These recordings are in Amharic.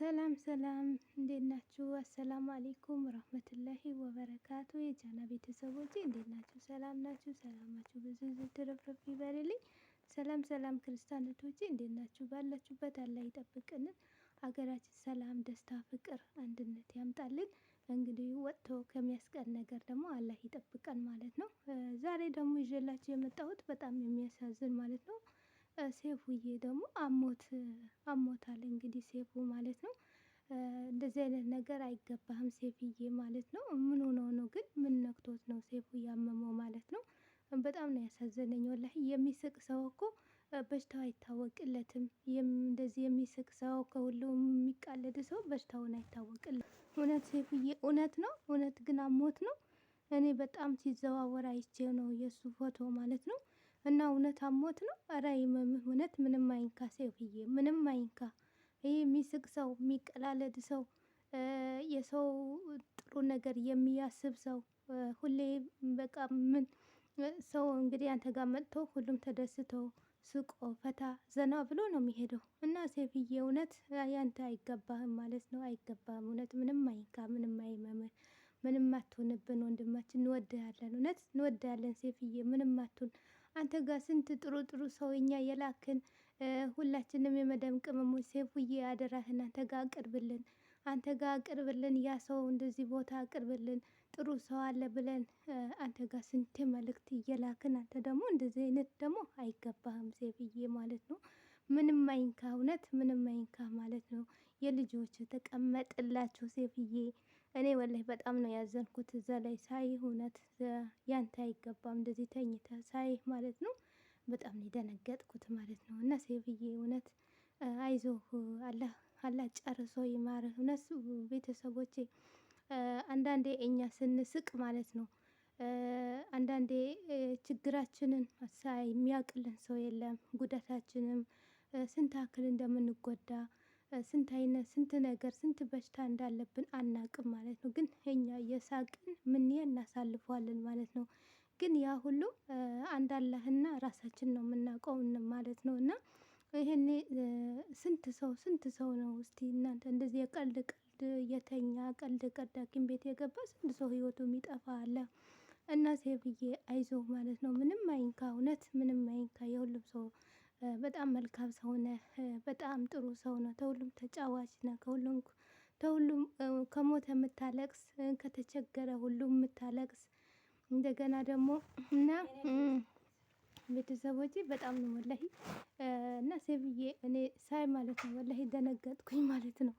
ሰላም ሰላም እንዴት ናችሁ? አሰላሙ አሌይኩም ረህመቱላሂ ወበረካቱ። የጃና ቤተሰቦች እንዴት ናችሁ? ሰላም ናችሁ? ሰላማችሁ ብዙ ዝትረፍረፍ ይበልልኝ። ሰላም ሰላም ክርስቲያኖቶች እንዴት ናችሁ? ባላችሁበት አላህ ይጠብቅልን። ሀገራችን ሰላም፣ ደስታ፣ ፍቅር፣ አንድነት ያምጣልን። እንግዲህ ወጥቶ ከሚያስቀን ነገር ደግሞ አላህ ይጠብቀን ማለት ነው። ዛሬ ደግሞ ይዤላችሁ የመጣሁት በጣም የሚያሳዝን ማለት ነው ሴፉዬ ደግሞ አሞት አሞታል እንግዲህ ሴፉ ማለት ነው። እንደዚህ አይነት ነገር አይገባህም ሴፍዬ ማለት ነው። ምን ሆኖ ነው ግን ምን ነክቶት ነው ሴፉ ያመመው ማለት ነው። በጣም ነው ያሳዘነኝ ወላሂ። የሚስቅ ሰው እኮ በሽታው አይታወቅለትም። እንደዚህ የሚስቅ ሰው ከሁሉ የሚቃለድ ሰው በሽታውን አይታወቅለት። እውነት ሴፍዬ እውነት ነው እውነት ግን አሞት ነው። እኔ በጣም ሲዘዋወር አይቼ ነው የእሱ ፎቶ ማለት ነው። እና እውነት አሞት ነው? ኧረ ይመምህ እውነት ምንም አይንካ ሴፍዬ፣ ምንም አይንካ። ይህ የሚስቅ ሰው፣ የሚቀላለድ ሰው፣ የሰው ጥሩ ነገር የሚያስብ ሰው ሁሌ በቃ ምን ሰው እንግዲህ አንተ ጋር መጥቶ ሁሉም ተደስቶ ስቆ ፈታ ዘና ብሎ ነው የሚሄደው። እና ሴፍዬ እውነት ያንተ አይገባህም ማለት ነው። አይገባህም እውነት ምንም አይንካ፣ ምንም አይመምህ፣ ምንም አትሆንብን ወንድማችን። እንወድሃለን፣ እውነት እንወድሃለን ሴፍዬ፣ ምንም አትሁን። አንተ ጋር ስንት ጥሩ ጥሩ ሰው እኛ የላክን ሁላችንም የመደም ቅመሞ ሴፉዬ አደራህን አንተ ጋር አቅርብልን፣ አንተ ጋር አቅርብልን፣ ያ ሰው እንደዚህ ቦታ አቅርብልን፣ ጥሩ ሰው አለ ብለን አንተ ጋር ስንት መልእክት እየላክን አንተ ደግሞ እንደዚህ አይነት ደግሞ አይገባህም ሴፉዬ ማለት ነው። ምንም አይንካ እውነት ምንም አይንካ ማለት ነው። የልጆች ተቀመጥላቸው ሴፍዬ። እኔ ወላይ በጣም ነው ያዘንኩት እዛ ላይ ሳይ፣ እውነት ያንተ አይገባም እንደዚህ ተኝተህ ሳይህ ማለት ነው። በጣም ነው የደነገጥኩት ማለት ነው። እና ሴፍዬ እውነት አይዞህ፣ አላህ ጨርሶ ይማርህ። እውነት ቤተሰቦቼ አንዳንዴ እኛ ስንስቅ ማለት ነው አንዳንዴ ችግራችንን ሳይ የሚያውቅልን ሰው የለም። ጉዳታችንም ስንት ያክል እንደምንጎዳ ስንት አይነት ስንት ነገር ስንት በሽታ እንዳለብን አናቅም ማለት ነው። ግን እኛ እየሳቅን ምንየ እናሳልፈዋለን ማለት ነው። ግን ያ ሁሉ አንድ ራሳችን ነው የምናውቀው ማለት ነው። እና ይሄኔ ስንት ሰው ስንት ሰው ነው እስቲ እናንተ እንደዚህ የቀልድ ቀልድ የተኛ ቀልድ ቀልድ ሐኪም ቤት የገባ ስንት ሰው ህይወቱ የሚጠፋ አለ። እና ሴብዬ አይዞህ ማለት ነው። ምንም አይንካ እውነት ምንም አይንካ የሁሉም ሰው በጣም መልካም ሰው ነህ፣ በጣም ጥሩ ሰው ነው፣ ከሁሉም ተጫዋች ነህ፣ ከሁሉም ከሁሉም ከሞተ የምታለቅስ ከተቸገረ ሁሉም የምታለቅስ እንደገና ደግሞ እና ቤተሰቦች በጣም ነው ወላሂ እና ሴብዬ እኔ ሳይ ማለት ነው ወላሂ ደነገጥኩኝ ማለት ነው።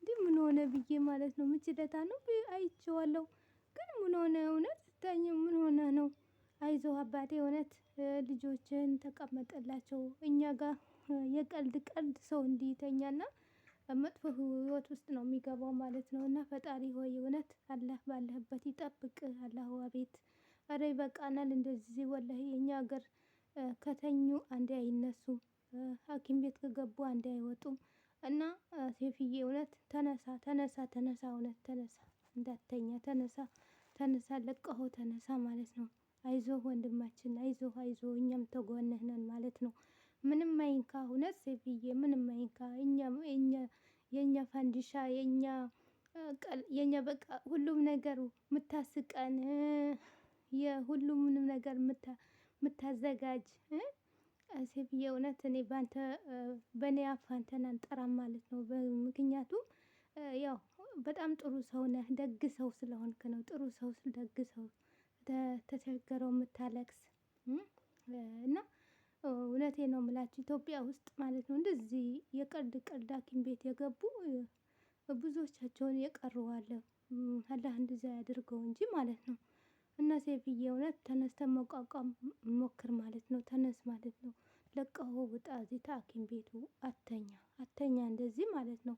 እንዲህ ምን ሆነ ብዬ ማለት ነው። ምችለታ ነው አይቼዋለሁ፣ ግን ምን ሆነ እውነት ስታየው ምን ሆነ ነው አይዞህ አባቴ እውነት ልጆችን ተቀመጠላቸው እኛ ጋር የቀልድ ቀልድ ሰው እንዲተኛና መጥፎ ህይወት ውስጥ ነው የሚገባው ማለት ነው። እና ፈጣሪ ሆይ እውነት አላህ ባለህበት ይጠብቅ። አላህ አቤት ኧረ ይበቃናል እንደዚህ ወላሂ የእኛ ሀገር ከተኙ አንዴ አይነሱ ሐኪም ቤት ከገቡ አንዴ አይወጡም። እና ሴፍዬ እውነት ተነሳ ተነሳ ተነሳ እውነት ተነሳ እንዳተኛ ተነሳ ተነሳ ለቀሆ ተነሳ ማለት ነው። አይዞህ ወንድማችን፣ አይዞህ አይዞህ፣ እኛም ተጎንህ ነን ማለት ነው። ምንም አይንካ፣ እውነት ሴፍዬ፣ ምንም አይንካ። የኛ ፋንዲሻ፣ የኛ የኛ በቃ ሁሉም ነገር ምታስቀን፣ የሁሉምንም ነገር ምታዘጋጅ ሴፍዬ፣ እውነት እኔ ባንተ በእኔ አፍ አንተን አንጠራም ማለት ነው። ምክንያቱም ያው በጣም ጥሩ ሰው ነህ፣ ደግ ሰው ስለሆንክ ነው። ጥሩ ሰው ደግ ሰው ተቸገረው የምታለቅስ እና እውነቴ ነው የምላችሁ ኢትዮጵያ ውስጥ ማለት ነው እንደዚህ የቀልድ ቀልድ ሐኪም ቤት የገቡ ብዙዎቻቸውን የቀረዋለሁ። አላህ እንደዛ ያድርገው እንጂ ማለት ነው። እና ሴፍዬ እውነት ተነስተን መቋቋም ሞክር ማለት ነው። ተነስ ማለት ነው። ለቀሆ ውጣ እዚህ ሐኪም ቤቱ አተኛ አተኛ እንደዚህ ማለት ነው።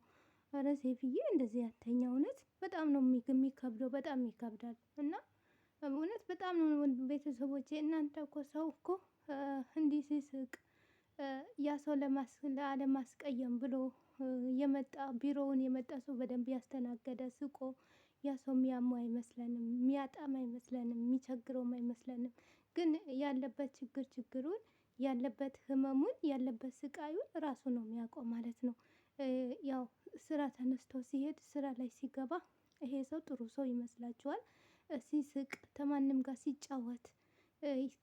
ኧረ ሴፍዬ እንደዚህ አተኛ እውነት በጣም ነው የሚከብደው፣ በጣም ይከብዳል እና እውነት በጣም ነው ቤተሰቦቼ። እናንተ እኮ ሰው እኮ እንዲህ ሲስቅ ያ ሰው ላለማስቀየም ብሎ የመጣ ቢሮውን የመጣ ሰው በደንብ ያስተናገደ ስቆ ያ ሰው የሚያመው አይመስለንም፣ የሚያጣም አይመስለንም፣ የሚቸግረውም አይመስለንም። ግን ያለበት ችግር ችግሩን ያለበት ህመሙን ያለበት ስቃዩን ራሱ ነው የሚያውቀው ማለት ነው። ያው ስራ ተነስቶ ሲሄድ ስራ ላይ ሲገባ ይሄ ሰው ጥሩ ሰው ይመስላችኋል? ሲስቅ ከማንም ጋር ሲጫወት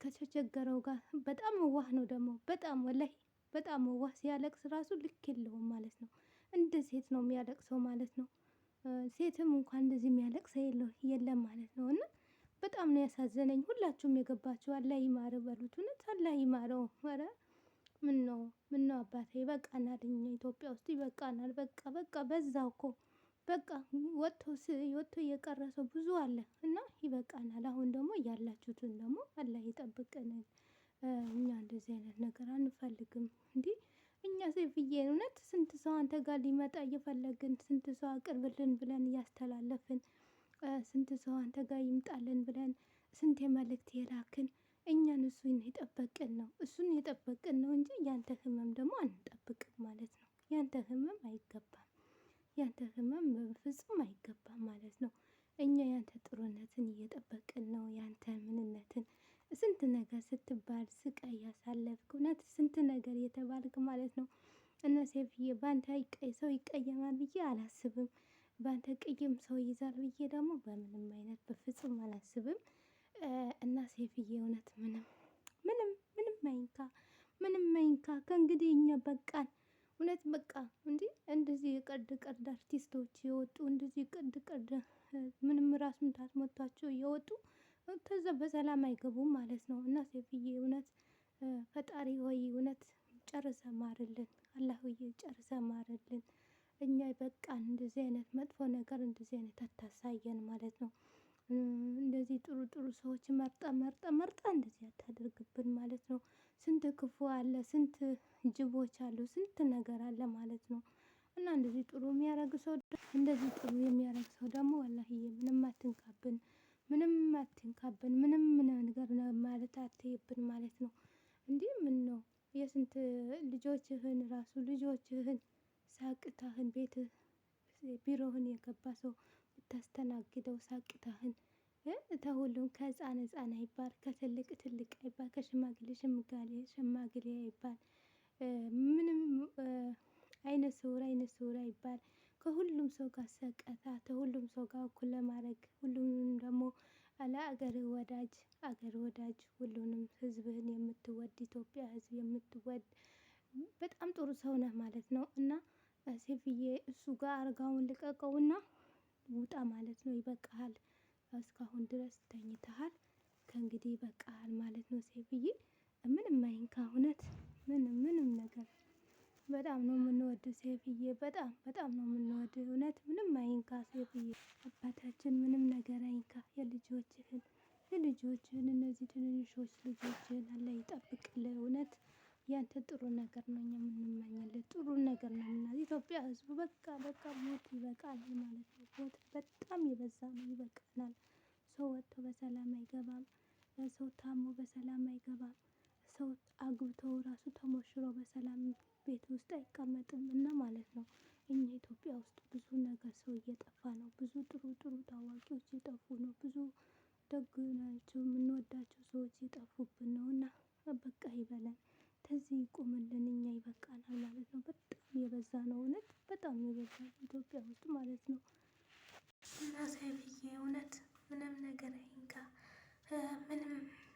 ከተቸገረው ጋር በጣም ዋህ ነው። ደግሞ በጣም ወላይ በጣም ዋህ ሲያለቅስ ራሱ ልክ የለውም ማለት ነው። እንደ ሴት ነው የሚያለቅሰው ማለት ነው። ሴትም እንኳን እንደዚህ የሚያለቅሰ የለም ማለት ነው። እና በጣም ነው ያሳዘነኝ። ሁላችሁም የገባችሁ አላህ ይማረ በሉት። እውነት አላህ ይማረው። ኧረ ምን ነው ምን ነው አባቴ ይበቃናል። እኛ ኢትዮጵያ ውስጥ ይበቃናል። በቃ በቃ በዛው እኮ በቃ ወጥቶ ወጥቶ እየቀረ ሰው ብዙ አለ እና ይበቃናል። አሁን ደግሞ ያላችሁትን ደግሞ አላህ ይጠብቀን። እኛ እንደዚህ አይነት ነገር አንፈልግም። እንዲህ እኛ ሴፍዬ እውነት ስንት ሰው አንተ ጋር ሊመጣ እየፈለግን ስንት ሰው አቅርብልን ብለን እያስተላለፍን ስንት ሰው አንተ ጋር ይምጣልን ብለን ስንት የመልእክት የላክን እኛን እሱን የጠበቅን ነው እሱን የጠበቅን ነው እንጂ ያንተ ህመም ደግሞ አንጠብቅም ማለት ነው። ያንተ ህመም አይ ያንተ ህመም በፍጹም አይገባም ማለት ነው። እኛ ያንተ ጥሩነትን እየጠበቅን ነው። ያንተ ምንነትን ስንት ነገር ስትባል ስቃይ ያሳለፍክ እውነት ስንት ነገር እየተባልክ ማለት ነው። እና ሴትዬ በአንተ ሰው ይቀየማል ብዬ አላስብም። በአንተ ቅይም ሰው ይይዛል ብዬ ደግሞ በምንም አይነት በፍጹም አላስብም። እና ሴትዬ እውነት ምንም ምንም ምንም አይንካ ምንም አይንካ ከእንግዲህ እኛ በቃን። እውነት በቃ እንዲ እንደዚህ የቀልድ ቀልድ አርቲስቶች የወጡ እንደዚህ ቀልድ ቀልድ ምንም ራስ ምታት መቷቸው የወጡ ከዛ በሰላም አይገቡም ማለት ነው። እና ሴትዬ እውነት ፈጣሪ ሆይ እውነት ጨርሰ ማርልን፣ አላህ ሆይ ጨርሰ ማርልን። እኛ በቃ እንደዚህ አይነት መጥፎ ነገር እንደዚህ አይነት አታሳየን ማለት ነው። እንደዚህ ጥሩ ጥሩ ሰዎች መርጠ መርጠ መርጠ እንደዚህ አታደርግብን ማለት ነው። ስንት ክፉ አለ፣ ስንት ጅቦች አሉ፣ ስንት ነገር አለ ማለት ነው። እና እንደዚህ ጥሩ የሚያደርግ ሰው እንደዚህ ጥሩ የሚያደርግ ሰው ደግሞ ወላሂዬ ምንም አትንካብን፣ ምንም አትንካብን፣ ምንም ነገር ማለት አትይብን ማለት ነው። እንዲህ ምን ነው የስንት ልጆችህን ራሱ ልጆችህን ሳቅታህን ቤትህ ቢሮህን የገባ ሰው ብታስተናግደው ሳቅታህን ተሁሉም ከህፃን ህፃን አይባል፣ ከትልቅ ትልቅ አይባል፣ ከሽማግሌ ሽማግሌ ሽማግሌ አይባል፣ ምንም አይነ ስውር አይነ ስውር አይባል። ከሁሉም ሰው ጋር ሰቀታ፣ ከሁሉም ሰው ጋር እኩል ለማድረግ ሁሉም ደግሞ ለአገር ወዳጅ አገር ወዳጅ ሁሉንም ህዝብህን የምትወድ ኢትዮጵያ ህዝብ የምትወድ በጣም ጥሩ ሰው ነህ ማለት ነው። እና ሴትዬ እሱ ጋር አልጋውን ልቀቀውና ውጣ ማለት ነው። ይበቃሃል። እስካሁን ድረስ ተኝተሃል፣ ከእንግዲህ ይበቃሃል ማለት ነው ሴፍዬ ምንም አይንካ እውነት ምንም ምንም ነገር በጣም ነው የምንወድህ ሴትዬ። በጣም በጣም ነው የምንወድህ እውነት። ምንም አይንካ ሴፍዬ አባታችን ምንም ነገር አይንካ የልጆችህን የልጆችህን እነዚህ ትንንሾች ልጆችህን አለ ይጠብቅልህ እውነት ያንተን ጥሩ ነገር ነው እኛ የምንመኝልህ። ጥሩ ነገር ነው ምና ኢትዮጵያ ህዝቡ በቃ በቃ ሞት ይበቃል ማለት ነው። ሞት በጣም የበዛ ነው፣ ይበቃናል። ሰው ወጥቶ በሰላም አይገባም። ሰው ታሞ በሰላም አይገባም። ሰው አግብቶ ራሱ ተሞሽሮ በሰላም ቤት ውስጥ አይቀመጥም እና ማለት ነው። እኛ ኢትዮጵያ ውስጥ ብዙ ነገር ሰው እየጠፋ ነው። ብዙ ጥሩ ጥሩ ታዋቂዎች እየጠፉ ነው። ብዙ ኢትዮጵያ ውስጥ ማለት ነው። እና ሰይፍዬ እውነት ምንም ነገር አይንካ፣ ምንም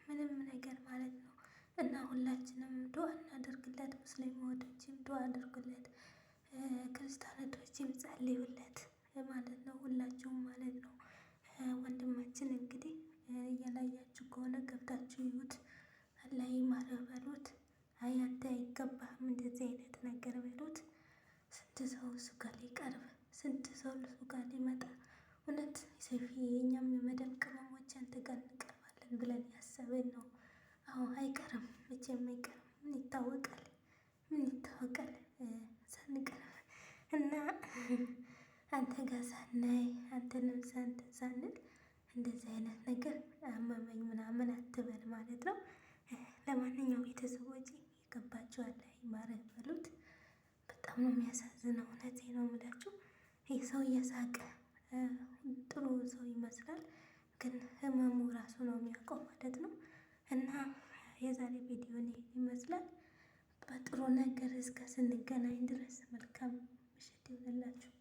ምንም ነገር ማለት ነው። እና ሁላችንም ዱአ እናደርግለት፣ ሙስሊም ወዳጆችም ዱአ አድርጉለት፣ ክርስቲያኖቶችም ጸልዩለት ማለት ነው። ሁላችሁም ማለት ነው ወንድማችን እንግዲህ ልጅ የማይቀር ምን ይታወቃል፣ ምን ይታወቃል ሳንቀር እና አንተ ጋር ሳናይ አንተንም ሳንተ ሳንል እንደዚህ አይነት ነገር አመመኝ ምናምን አትበል ማለት ነው። ለማንኛውም ቤተሰቦች ይገባቸዋል ላይ ማረግ በሉት። በጣም ነው የሚያሳዝነው። እውነቴ ነው የምላችሁ ይህ ሰው እየሳቀ ጥሩ ሰው ይመስላል፣ ግን ህመሙ ራሱ ነው የሚያውቀው ማለት ነው እና የዛሬ ቪዲዮን ይመስላል። በጥሩ ነገር እስከ ስንገናኝ ድረስ መልካም ምሽት ይሁንላችሁ።